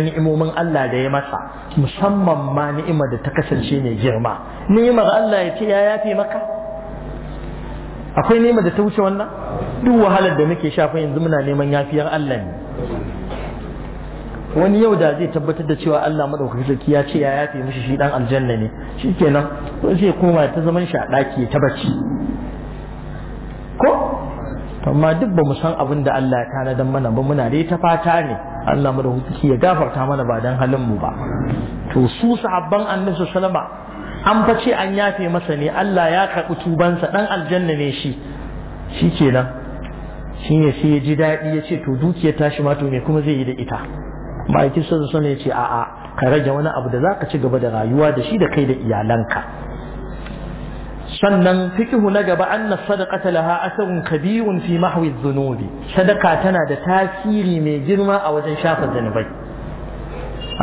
ni'imomin Allah da ya masa musamman ma ni'ima da ta kasance mai girma ni'imar Allah ya ce ya yafe maka akwai ni'ima da ta wuce wannan duk wahalar da muke shafa yanzu muna neman yafiyar Allah ne wani yau da zai tabbatar da cewa Allah madaukakin sarki ya ce ya yafe mishi shi dan aljanna ne shikenan to sai koma ta zaman shi a daki ta bacci ko amma duk ba mu san abin da Allah ya tanadan mana ba muna dai ta fata ne Allah madaukaki ya gafarta mana ba dan halin mu ba to su sahabban annabi sallama an fa an yafe masa ne Allah ya karɓi tubansa dan aljanna ne shi shikenan shi ne sai ya ji daɗi ya ce to dukiyar tashi ma to me kuma zai yi da ita baki sun sun ya ce a'a ka rage wani abu da zaka ci gaba da rayuwa da shi da kai da iyalanka sannan fiqhu na gaba anna sadaqata laha asrun kabirun fi mahwi dhunubi sadaka tana da tasiri mai girma a wajen shafa zanubai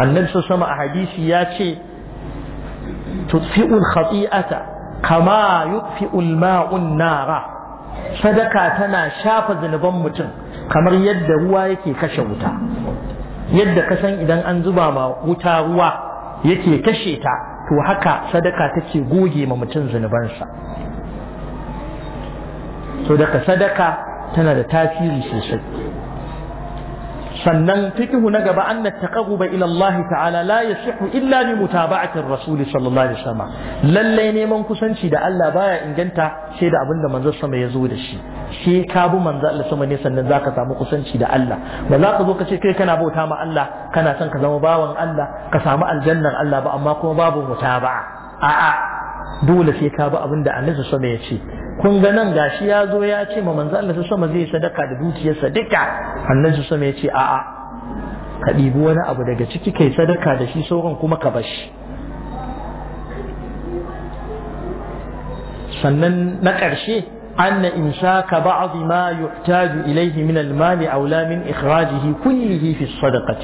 annabi sama a hadisi ya ce tudfi'u al-khati'ata kama yudfi'u al-ma'u an-nara sadaka tana shafa zanuban mutum kamar yadda ruwa yake kashe wuta yadda ka san idan an zuba ma wuta ruwa yake kashe ta to haka sadaka take goge ma mutum zunubansa To daga sadaka tana da tasiri sosai sannan fikihu na gaba an taqarruba ila Allah ta'ala la illa bi mutaba'ati ar-rasul sallallahu alaihi wasallam lalle neman kusanci da Allah baya inganta sai da abinda manzon sama ya zo da shi sai ka bi manzon Allah sama ne sannan zaka samu kusanci da Allah ba za ka zo ka ce kai kana bauta ma Allah kana son ka zama bawan Allah ka samu aljannan Allah ba amma kuma babu mutaba'a a'a dole sai ka bi abinda annabi sama ya ce kun ga nan gashi ya zo ya ce ma manzo Allah sama zai sadaka da dukiyarsa duka annabi sama ya ce a'a ka ɗibi wani abu daga ciki kai sadaka da shi sauran kuma ka bashi sannan na ƙarshe أن إنشاك بعض ما يحتاج إليه من المال أولى من إخراجه كله في الصدقة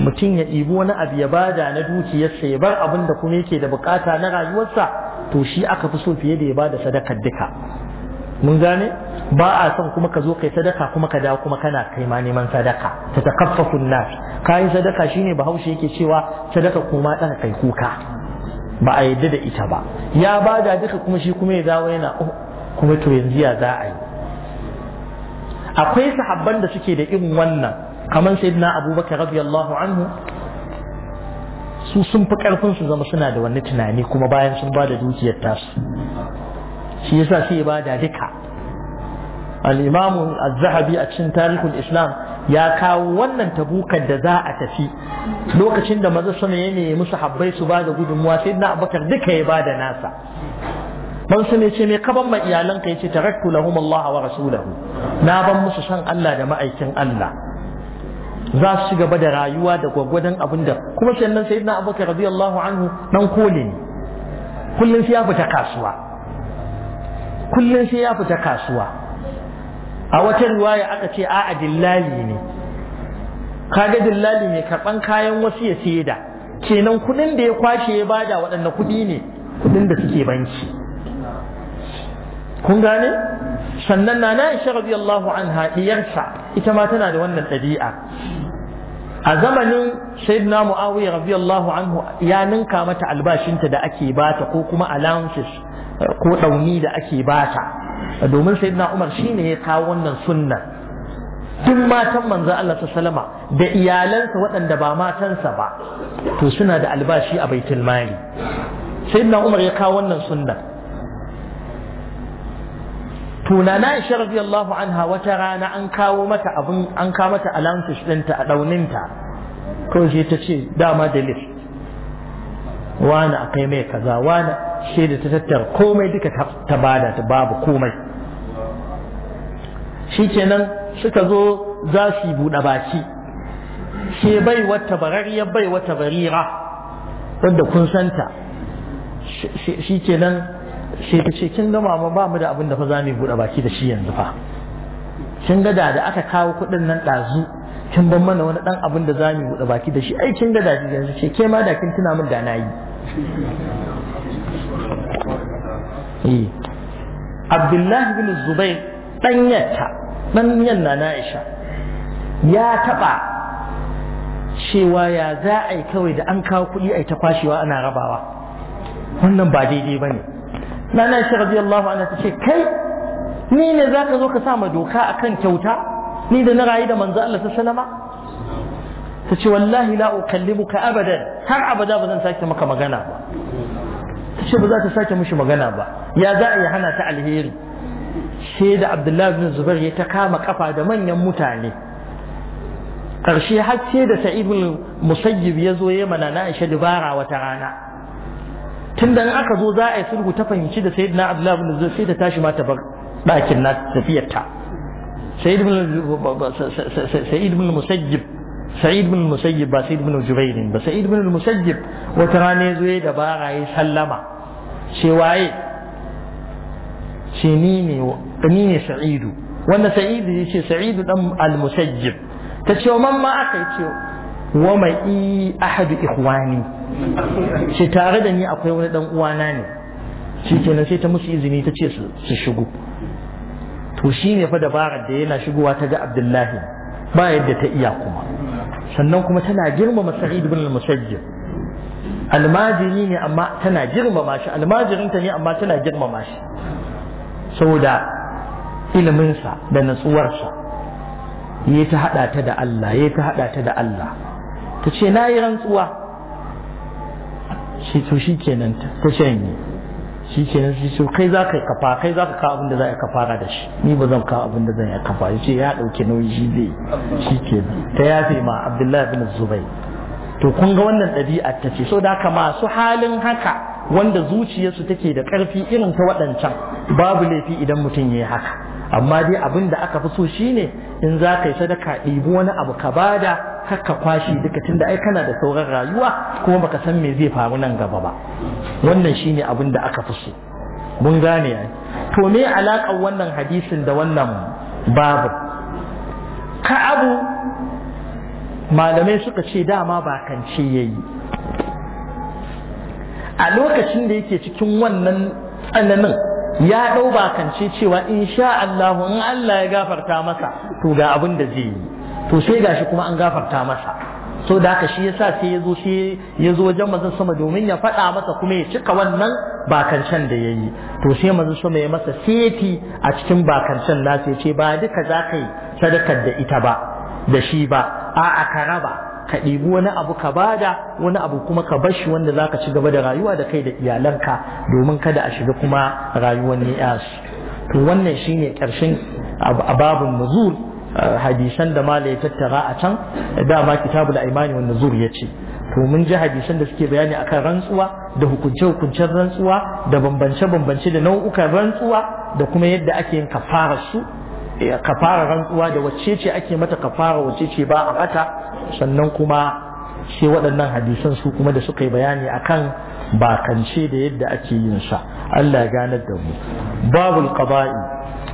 متين يبون أبي بادا ندوك يسيبر أبن دكوميك دبقاتا نغا يوسع توشي أكفصول في يدي بادا صدقة دكا mun gane ba a son kuma ka zo kai sadaka kuma ka dawo kuma kana kai ma neman sadaka ta takaffafu nas kayan sadaka shine bahaushe yake cewa sadaka kuma ɗan kai kuka ba a yadda da ita ba ya bada duka kuma shi kuma ya dawo yana kuma to yanzu ya za a yi akwai sahabban da suke da irin wannan kamar sayyidina abubakar radiyallahu anhu su sun fi karfin su zama suna da wani tunani kuma bayan sun ba da dukiyar tasu shi yasa sai ya bada duka al-imamu az-zahabi a cikin tarihul islam ya kawo wannan tabukan da za a tafi lokacin da maza sama ya musu habbai su ba da gudunmuwa sai na duka ya ba da nasa ban su ne ce me kaban ma iyalan iyalanka yace taraktu lahum Allah wa Rasuluhu? na ban musu san Allah da ma'aikin Allah za su ci gaba da rayuwa da gwagwadon abin da kuma nan sayyidina Abubakar radiyallahu anhu nan kole ne kullun sai ya fita kasuwa kullun sai ya fita kasuwa a wata riwaya aka ce a'a dillali ne Ka ga dillali ne karban kayan wasu ya saida kenan kudin da ya kwashe ya bada waɗanne kuɗi ne kudin da suke banki kun gane sannan na na isha radiyallahu anha diyarsa ita ma tana da wannan ɗabi'a a zamanin sayyidina muawiya radiyallahu anhu ya ninka mata albashinta da ake bata ko kuma allowances ko ɗauni da ake bata domin sayyidina umar shine ya kawo wannan sunnan duk matan manzan Allah sallama da iyalansa waɗanda ba matansa ba to suna da albashi a baitul mali sai umar ya kawo wannan sunna tuna na isha radiyallahu anha wata rana an kawo mata abin an kawo mata alamfish ɗinta a ɗauninta kawai sai ta ce dama da lif. wani a kai mai kaza wani shaida ta tattara komai duka ta bada ta babu komai shi kenan suka zo za su buɗe baki sai bai wata barariyar bai wata barira wadda kun santa shi kenan sai ta ce kin gama ma ba mu da abin da fa za mu buɗe baki da shi yanzu fa kin ga da aka kawo kuɗin nan ɗazu kin ban mana wani ɗan abin da za mu buɗe baki da shi ai kin ga da yanzu ce ke ma da kin tuna min da na yi eh. Abdullahi bin Zubair dan yatta dan yanna na Aisha ya taɓa cewa ya za a yi kawai da an kawo kuɗi a ta kwashewa ana rabawa wannan ba daidai ba ne nana shi radiyallahu anha ta ce kai ni ne za ka zo ka sa ma doka akan kyauta ni da na rayu da manzo Allah salama ta ce wallahi la ka abadan har abada ba zan sake maka magana ba ta ce ba za ta sake mishi magana ba ya za a yi hana ta alheri sai da Abdullahi bin Zubair ya ta kama kafa da manyan mutane ƙarshe har sai da Sa'id bin Musayyib ya zo ya mana na Aisha dubara wata rana tun da aka zo za a yi sulhu ta fahimci da sayyid na abdullahi bin zubair sai ta tashi ma ta bar ɗakin na tafiyar ta sayyid bin musajjib sa'id bin musayyib ba sa'id bin jubair ba sa'id bin musayyib wata rana zo ya dabara ya sallama ce waye ce ni ne sa'idu wanda sa'idu ya ce sa'idu dan al-musayyib ta ce man ma aka yi ce wa mai ahadu ikhwani shi tare da ni akwai wani dan uwana ne shi kenan sai ta musu izini ta ce su shigo to shi ne fa dabarar da yana shigowa ta ga abdullahi ba yadda ta iya kuma sannan kuma tana girmama sa'id ibn al almajiri ne amma tana girmama shi almajirinta ne amma tana girmama shi saboda iliminsa da natsuwarsa ya ta haɗa ta da Allah ya ta haɗa ta da Allah ta ce na yi rantsuwa shi to shi kenan ta shanye shi kenan shi so kai za ka kafa kai za ka kawo abin da za ka fara da shi ni ba zan kawo abin da zan ya kafa ya ce ya ɗauki nauyi shi zai shi kenan ta yafe ma abdullahi bin zubai to kun ga wannan ɗabi'a ta ce so da masu halin haka wanda zuciyarsu take da ƙarfi irin ta waɗancan babu laifi idan mutum ya yi haka amma dai abin da aka fi so shine in za ka yi sadaka ɗibi wani abu ka bada kar ka kwashe duka tunda ai kana da sauran rayuwa kuma baka san me zai faru nan gaba ba wannan shine abin da aka fi so mun gane ya to me alaƙar wannan hadisin da wannan babu ka abu malamai suka ce dama ba kance yayi a lokacin da yake cikin wannan tsananin ya ɗau bakance cewa in sha Allah in Allah ya gafarta masa to ga abin da zai yi to sai gashi kuma an gafarta masa so da haka shi yasa sai ya zo shi ya zo wajen manzon sama domin ya faɗa masa kuma ya cika wannan bakancen da yayi yi to sai manzon sama ya masa seti a cikin bakancen nasa ya ce ba duka za ka yi sadakar da ita ba da shi ba a'a ka raba ka ɗibi wani abu ka bada wani abu kuma ka bashi wanda za ka ci gaba da rayuwa da kai da iyalanka domin kada a shiga kuma rayuwar ni'asu to wannan shine ƙarshen ababun nuzul hadisan da mala ya tattara a can dama kitabul imani wan nuzul ya ce to mun ji hadisan da suke bayani akan rantsuwa da hukunce-hukuncen rantsuwa da bambance-bambance da nau'ukan rantsuwa da kuma yadda ake yin kafarar su ka fara rantsuwa da wacce ce ake mata ka fara wacce ce ba a mata sannan kuma sai waɗannan hadisan su kuma da suka yi bayani akan bakance da yadda ake yin sa Allah ganar da mu babul qada'i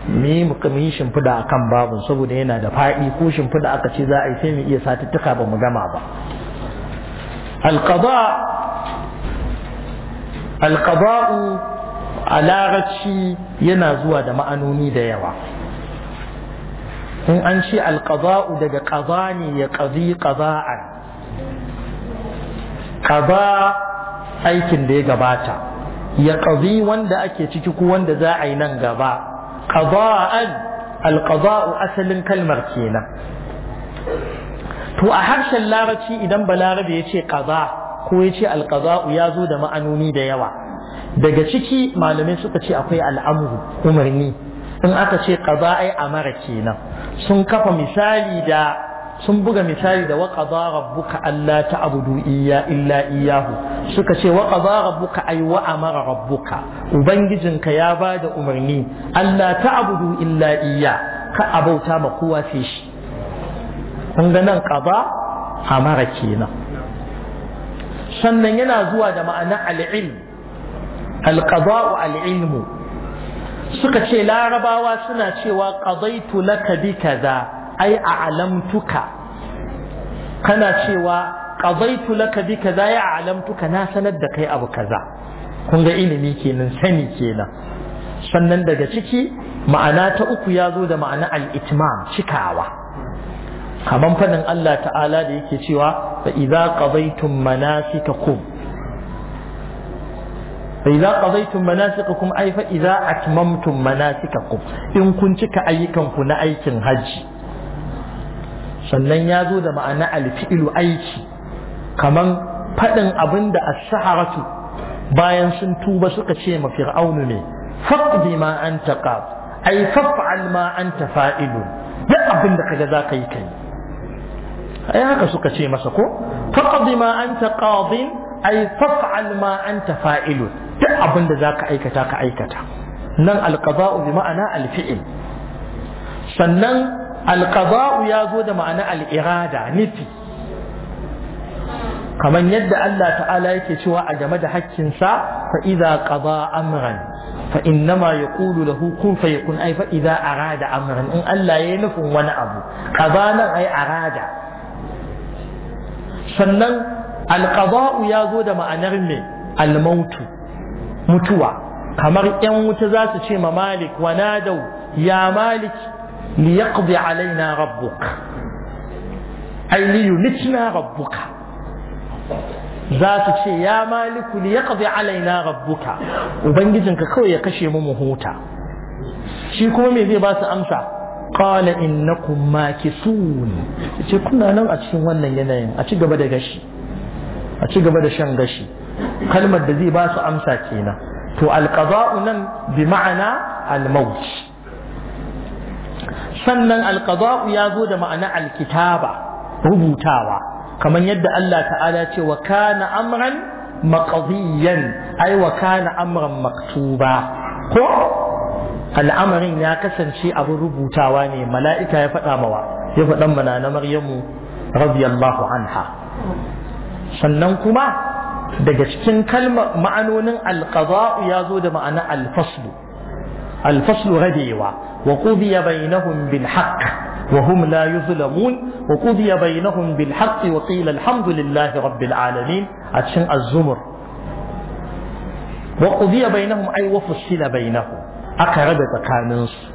mi muka shimfida akan babun saboda yana da fa'i ko shimfida aka ce za a yi sai mu iya satuttuka ba mu gama ba alqada a larabci yana zuwa da ma'anoni da yawa in an ce alƙaza'u daga ƙaza ne ya ƙazi ƙaza'an ƙaza aikin da ya gabata ya ƙazi wanda ake ciki ko wanda za a yi nan gaba ƙaza'an alƙaza'u asalin kalmar kenan to a harshen larabci idan balarabe ya ce ƙaza ko ya ce alƙaza'u ya zo da ma'anoni da yawa daga ciki malamai suka ce akwai al'amuru umarni in aka ce kaza ai mara kenan sun kafa misali da sun buga misali da wa qada rabbuka alla ta'budu iyya illa iyahu, suka ce wa qada rabbuka ai wa amara rabbuka ubangijinka ya ba da umarni alla ta'budu illa iyya ka abauta ma kowa sai shi kun ga nan qada amara kenan sannan yana zuwa da ma'ana al-ilm al-qada'u al-ilmu suka ce larabawa suna cewa qadaitu laka bi kaza ai a'lamtuka kana cewa qadaitu laka bi kaza ya a'lamtuka na sanar da kai abu kaza kun ga ilimi kenan sani kenan sannan daga ciki ma'ana ta uku ya zo da ma'ana al cikawa Kamar fadin Allah ta'ala da yake cewa fa idza qadaytum manasikakum فإذا قضيتم مناسككم أي فإذا أتممتم مناسككم إن كنت كأيكم كنا أيكم حج sannan ya zo da ma'ana alfi'ilu aiki kaman faɗin abin da as-saharatu bayan sun tuba suka ce ma fir'aunu ne faqdi ma anta qab ai faf'al ma anta fa'ilu duk abin da kaga ka yi kai ai haka suka ce masa ko faqdi ma anta qadin ai faf'al ma anta fa'ilun duk abin da za ka aikata ka aikata nan alƙaba'u bi ma'ana alfi'il sannan alƙaba'u ya zo da ma'ana al'irada nufi kamar yadda Allah ta'ala yake cewa a game da hakkinsa fa idza qada amran fa innama yaqulu lahu kun fayakun ay fa idza arada amran in Allah yayi nufin wani abu qada nan ay arada sannan alqada'u ya zo da ma'anar me almautu mutuwa kamar yan wuta za su ce ma malik wa nadau ya malik li yaqdi alaina rabbuk ay li yulitna rabbuka za su ce ya malik li yaqdi alaina rabbuka ubangijinka kawai ya kashe mu mu huta shi kuma me zai ba su amsa qala innakum makisun ce kuna nan a cikin wannan yanayin a ci gaba da gashi a ci gaba da shan gashi kalmar da zai ba su amsa kenan to alqada'u nan bi ma'ana al sannan alqada'u ya zo da ma'ana alkitaba rubutawa kamar yadda Allah ta'ala ce wa kana amran maqdiyan ai wa kana amran maktuba ko al'amarin ya kasance abin rubutawa ne mala'ika ya faɗa mawa ya faɗan mana na maryamu radiyallahu anha sannan kuma daga cikin kalmar ma'anonin alqada'u ya zo da ma'ana alfaslu alfaslu rabewa wa qudiya bainahum bil haqq wa hum la yuzlamun wa qudiya bainahum bil haqq wa qila alhamdulillahi rabbil alamin a cikin az-zumur wa qudiya bainahum ay wa fussila bainahum aka rabe tsakaninsu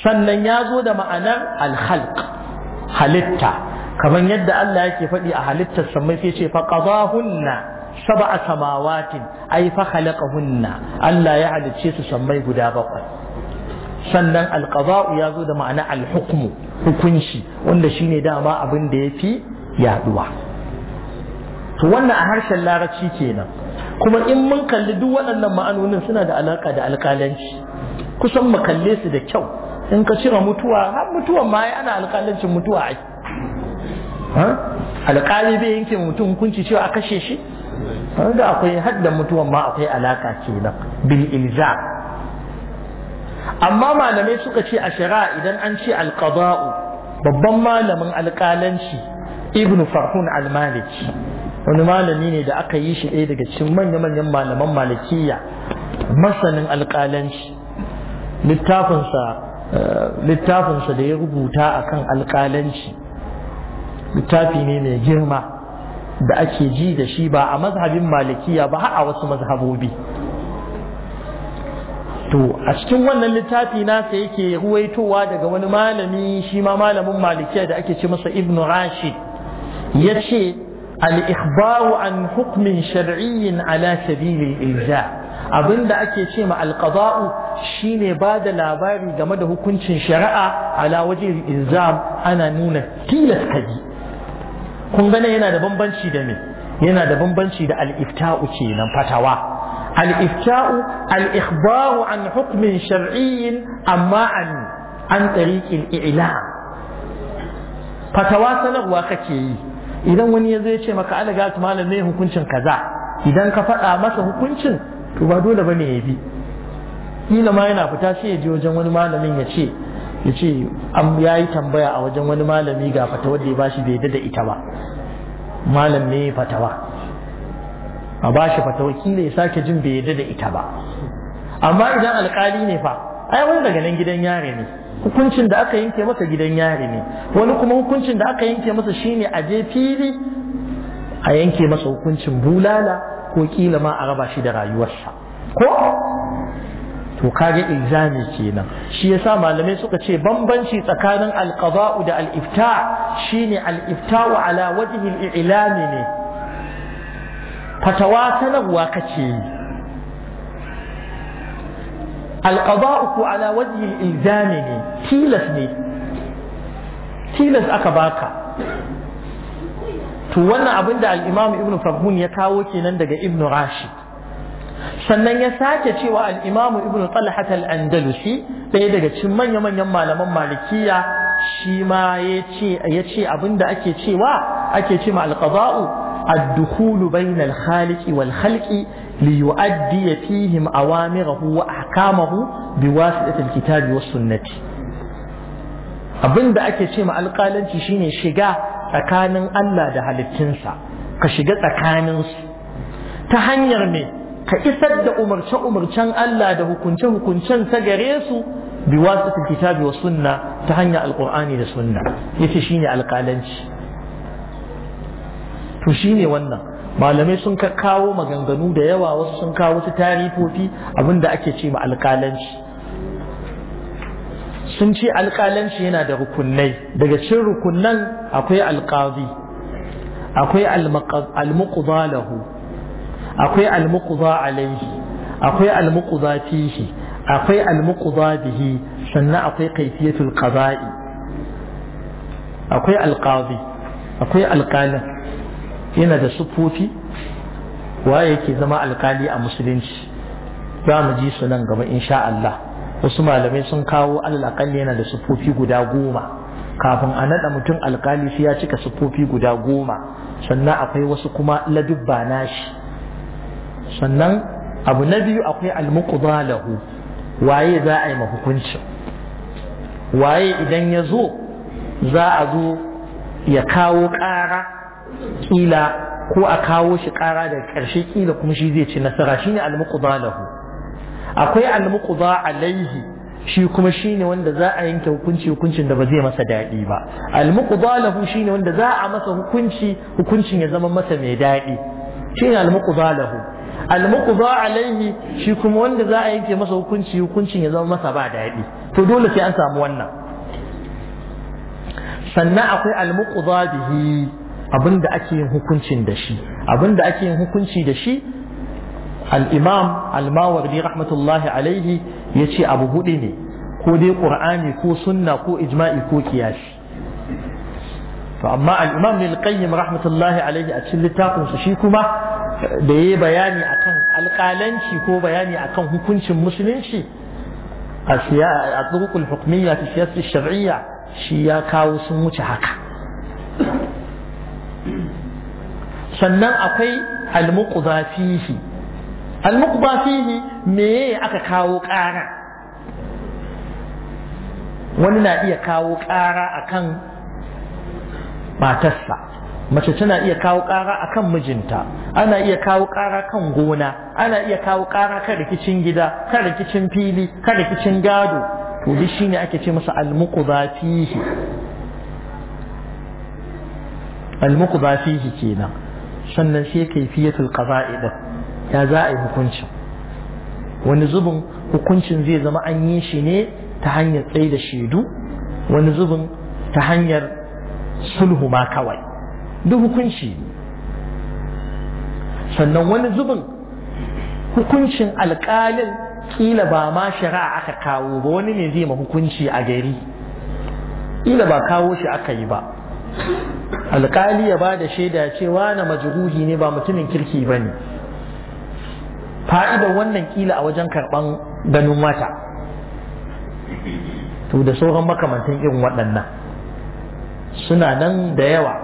sannan ya zo da ma'anar alhalq halitta kamar yadda Allah yake faɗi a halittar samai sai ce fa qadahunna sab'a samawatin ay fa khalaqahunna Allah ya halicce su sammai guda bakwai sannan alqada'u ya zo da ma'ana alhukmu hukunci wanda shine dama abin da yafi yaduwa to wannan a harshen larabci kenan kuma in mun kalli duk waɗannan ma'anonin suna da alaka da alƙalanci kusan mu kalle su da kyau in ka cire mutuwa har mutuwan ma ana alƙalancin mutuwa ai alƙali bai yanke mutum hukunci cewa a kashe shi da akwai haddan mutuwan ma akwai alaka kenan bil ilza amma malamai suka ce a shari'a idan an ce alqada'u babban malamin alƙalanci ibnu farhun al wani malami ne da aka yi shi ɗaya daga cikin manya-manyan malaman malikiya masanin alƙalanci eh, littafinsa da ya rubuta a kan alƙalanci littafi ne mai girma da ake ji da shi ba a mazhabin malikiya ba a wasu mazhabobi to a cikin wannan littafi nasa yake ruwaitowa daga wani malami shi ma malamin malikiya da ake ce masa ibnu rashid ya ce al-ikhbaru an hukmin shar'iyyin ala sabili ilza abinda ake ce ma alqada'u shine ba da labari game da hukuncin shari'a ala wajen ilzam ana nuna tilas kaji kun gane yana da bambanci da me yana da bambanci da al-ifta'u kenan fatawa al'iftau iftau al an hukmin shar'iyyin amma an an tariqil i'la fatawa sanarwa kake yi idan wani ya zo ya ce maka alaga malam ne hukuncin kaza idan ka faɗa masa hukuncin to ba dole bane ya bi kila ma yana fita sai ya je wajen wani malamin ya ce ya ce an ya yi tambaya a wajen wani malami ga fatawa da ya ba shi bai da ita ba malam ne fatawa a ba bashi fatawa kila ya sake jin bai da ita ba amma idan alkali ne fa ai wani daga nan gidan yare ne hukuncin da aka yanke masa gidan yare ne wani kuma hukuncin da aka yanke masa shine a je fili a yanke masa hukuncin bulala ko kila ma a raba shi da rayuwarsa ko to kage ilzami kenan shi yasa malamai suka ce bambanci tsakanin alqada'u da al-ifta shine al-ifta'u ala wajhi al-i'lam ne fatawa sanarwa kace yi alqada'u ku ala wajhi al-ilzami ne tilas ne tilas aka baka to wannan abinda al-imam ibnu farhun ya kawo kenan daga ibnu rashid sannan ya sake cewa al ibn talhat al-andalusi ɗaya daga cikin manya manyan malaman malikiya shi ma ya ce abinda ake cewa ake ce ma al-qada'u الدخول بين الخالق والخلق ليؤدي فيهم أوامره وأحكامه بواسطة الكتاب والسنة abin da ake ce ma alƙalanci shine shiga tsakanin Allah da halittinsa ka shiga tsakaninsu ta hanyar ne. ka isar da umarce-umarcen Allah da hukunce-hukuncen ta gare su bi wasu kitabi wa sunna ta hanyar alkur'ani da sunna yace shine alƙalanci to shine wannan malamai sun kawo maganganu da yawa wasu sun kawo wasu tarifofi abinda ake ce ma alƙalanci sun ce alƙalanci yana da rukunai daga cin rukunan akwai alƙazi akwai almuqdalahu akwai almuqza alaihi akwai almuqza fihi akwai almuqza bihi sannan akwai kaifiyatul qada'i akwai alqadi akwai alqalin yana da sufofi wa yake zama alkali a musulunci za mu ji su nan gaba insha Allah wasu malamai sun kawo alalakalli yana da sufofi guda goma kafin a naɗa mutum alkali sai ya cika sufofi guda goma sannan akwai wasu kuma ladubba nashi sannan abu na biyu akwai almuqda lahu waye za a yi mahukunci waye idan ya zo za a zo ya kawo ƙara ƙila ko a kawo shi ƙara daga ƙarshe kila kuma shi zai ci nasara shine almuqda lahu akwai almuqda alaihi shi kuma ne wanda za a yanke hukunci hukuncin da ba zai masa daɗi ba almuqda shi ne wanda za a masa hukunci hukuncin ya zama masa mai daɗi shine almuqda lahu almuqda alaihi shi kuma wanda za a yanke masa hukunci hukuncin ya zama masa ba daɗi to dole sai an samu wannan sannan akwai almuqda bihi abinda ake yin hukuncin da shi abinda ake yin hukunci da shi al'imam imam al rahmatullahi alaihi ce abu hudu ne ko dai ƙur'ani ko sunna ko ijma'i ko kiyashi to amma alimam imam ibn rahmatullahi alaihi a cikin littafin su shi kuma da yayi bayani akan alƙalanci ko bayani akan hukuncin musulunci a siya a turuqul hukmiyya fi shi ya kawo sun wuce haka sannan akwai al-muqda fihi al fihi me aka kawo ƙara wani na iya kawo ƙara akan matarsa mace tana iya kawo ƙara akan mijinta ana iya kawo ƙara kan gona ana iya kawo ƙara kan rikicin gida kan rikicin fili kan rikicin gado to duk shine ake ce masa almuqda fihi almuqda fihi kenan sannan sai kayfiyatul qada'i din ya za a yi hukuncin wani zubin hukuncin zai zama an yi shi ne ta hanyar tsaye da shaidu wani zubin ta hanyar sulhu ma kawai duk hukunci sannan wani zubin hukuncin alƙalin kila ba ma shari'a aka kawo ba wani ne zai ma hukunci a gari kila ba kawo shi aka yi ba alƙali ya ba da shaida cewa na majruhi ne ba mutumin kirki ba ne fa'idar wannan kila a wajen karɓan ganin wata to da sauran makamantan irin waɗannan suna nan da yawa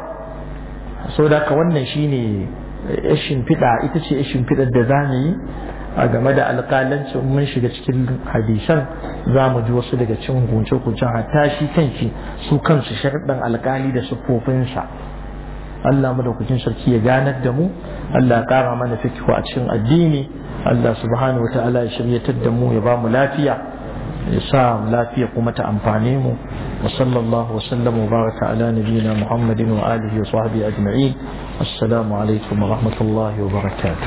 so da ka wannan shine ishin fida ita ce ishin fidar da za mu yi a game da alƙalanci mun shiga cikin hadisan za mu ji wasu daga cin hukunce-hukuncen hatta shi kanki su kansu sharɗan alƙali da siffofinsa Allah da kucin sarki ya ganar da mu Allah ya mana fikihu a cikin addini Allah subhanahu wa ta'ala ya shiryatar da mu ya ba mu lafiya ya sa lafiya kuma ta amfane mu wa sallallahu wa sallam wa baraka ala nabiyina muhammadin wa alihi wa sahbihi ajma'in assalamu alaikum wa rahmatullahi wa barakatuh